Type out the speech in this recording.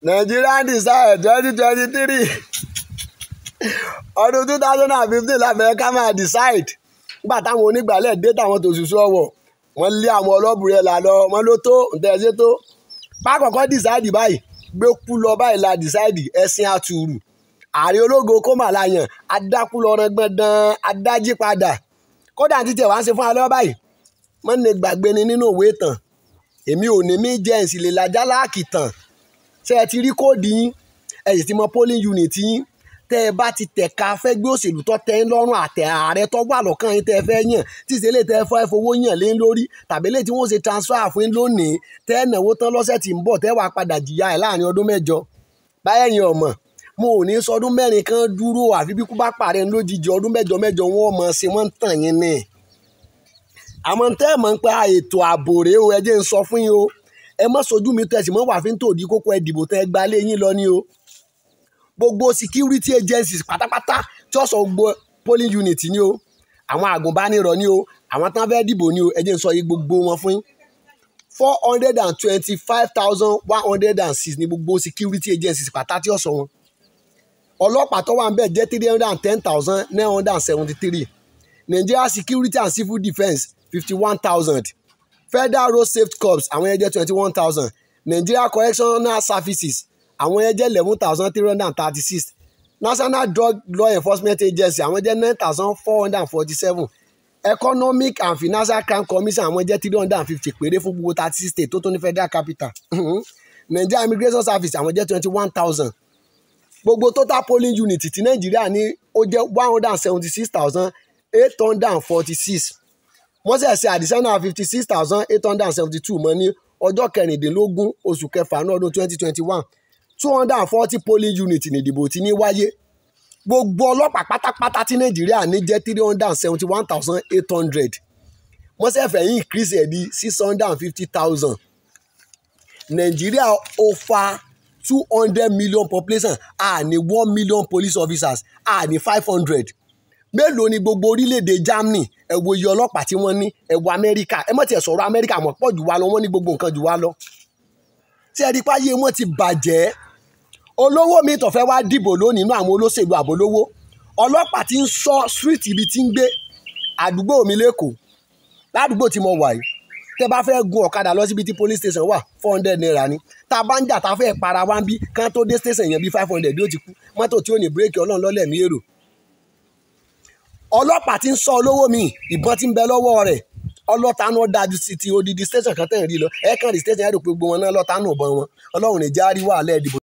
Nigerian desire twenty twenty three ọdún two thousand and fifteen láfẹ̀ẹ́ ká máa decide nígbà táwọn onígbàálẹ̀ dé táwọn tòṣùṣù ọ̀wọ̀ wọ́n lé àwọn ọlọ́bùrẹ́ là lọ wọ́n ló tó ntẹ̀sẹ̀ tó pákọ̀kọ́ decide báyìí gbé kú lọ báyìí la decide ẹ̀sìn àtùrù ààrẹ ológo kọ́màláyàn adákùlọ́rọ̀ gbọ̀ndàn adájí padà kódà títí ẹ̀ wá ń ṣe fún alẹ́ báyìí mọ́ni gbàgbé ni nínú òwe tàn èmi ò ní mí jẹ́ ìsìlè làjálàkì tàn ṣé ẹ ti rí kóòdì yín ẹ sì ti mọ polling unit yín tẹ́ ẹ bá ti tẹ̀ka fẹ́ gbé òṣèlú tó tẹ́ ń lọ́rùn àtẹ ààrẹ tó wà lọ́kàn yín tẹ́ ẹ fẹ́ yàn tí ìṣe lè tẹ́ ẹ fẹ́ fowó yàn lé lórí tàbí lè tí wọ́n ṣe transfer fún yín lónìí tẹ́ ẹ náwó tán lọ́sẹ̀ tí ń bọ̀ tẹ́ wàá padà jìyà ẹ̀ láàrin ọdún mẹ́jọ báyẹ̀ yín ọmọ mo ò ní sọdún mẹ́rin kan dúró àfi bí kú bá pàrẹ̀ ń lójijì ọdún mẹ́jọ mẹ́jọ wọn mọ̀ ṣe wọ́n ń tàn yín ni àmọ́ tẹ́ ẹ̀ mọ̀ ń ètò ààbò o ẹ ń sọ fún yín o ẹ má sojú mi tẹ̀sí mọ́ wàá fi ń tòdí kókó ẹ dìbò tẹ́ ẹ gba lé yín lọ ni o gbogbo security agencies pátápátá tí ó sọ gbogbo polling unit ni o àwọn àgùnbánirọ̀ ni o àwọn tán fẹ́ dìbò ni o ẹ jẹ́ n sọ yìí gbogbo wọn fún yín four hundred and twenty-five thousand one hundred and six ni gbogbo security agencies pátá tí ó sọ wọn ọlọ́pàá tó wà ń bẹ̀ jẹ́ three hundred and ten thousand nine hundred and seventy-three Nigeria security and civil defence fifty-one thousand federal road safety corps àwọn yẹn jẹ́ twenty one thousand nigeria correctional services àwọn yẹn jẹ́ eleven thousand three hundred and thirty six national drug law enforcement agency àwọn jẹ́ nine thousand four hundred and forty seven economic and financial crime commission àwọn jẹ́ three hundred and fifty péré fún gbogbo thirty six state tó tún ní federal capital mhm. nigeria immigration service àwọn jẹ́ twenty one thousand gbogbo total polling unit ti Nigeria ní ó jẹ́ one hundred and seventy six thousand eight hundred and forty six wọ́n sì ṣe àdísánà fifty six thousand eight hundred and seventy two mọ́ ní ọjọ́ kẹrìndínlógún oṣù kẹfà ní ọdún twenty twenty one two hundred and forty polling unit nìdìbò ti ní wáyé gbogbo ọlọ́pàá pátápátá tí nàìjíríà ní jẹ́ three hundred and seventy one thousand eight hundred wọ́n sì fẹ́ increase ẹ̀ di six hundred and fifty thousand nàìjíríà over two hundred million population a ní one million police officers a ní five hundred mélòó ni gbogbo orílẹ̀-èdè Germany ẹ wo iye ọlọ́pàá tí wọ́n ní ẹ wo Amẹ́ríkà ẹ mọ̀ tiẹ̀ sọ̀rọ̀ Amẹ́ríkà wọ́n pọ̀ jù wá lọ wọ́n ní gbogbo nǹkan jù wá lọ tí ẹ rí páyé wọn ti bàjẹ́ olówó mi tó fẹ́ wá dìbò lónìí inú àwọn olóṣèlú àbólówó ọlọ́pàá ti ń sọ street ibi tí ń gbé àdúgbò mi lẹ́kọ̀ọ́ ládùúgbò tí mo wà yìí tẹ́ bá fẹ́ gun ọ̀kadà lọ síbi tí police station wà four hundred naira ni tá a bá ń jà tá a fẹ́ para wá ń bí kán tó dé station yẹn bí five hundred bí ó ti kú mọ́tò tí ò ní bírèkì ọlọ́run lọ́lẹ̀ mí èrò ọlọ́pàá ti ń sọ olówó mi ìbọn ti ń bẹ lọ́wọ́ rẹ̀ ọlọ́tanú dájú sí ti odidi station kan tẹ̀ ń rí lọ ẹ̀ẹ́kan rí station ẹ̀rọ pé gbogbo wọn náà lọ́tanú ọ̀bọ̀n wọn ọlọ́run ní járí wà lẹ́ẹ̀dìbò.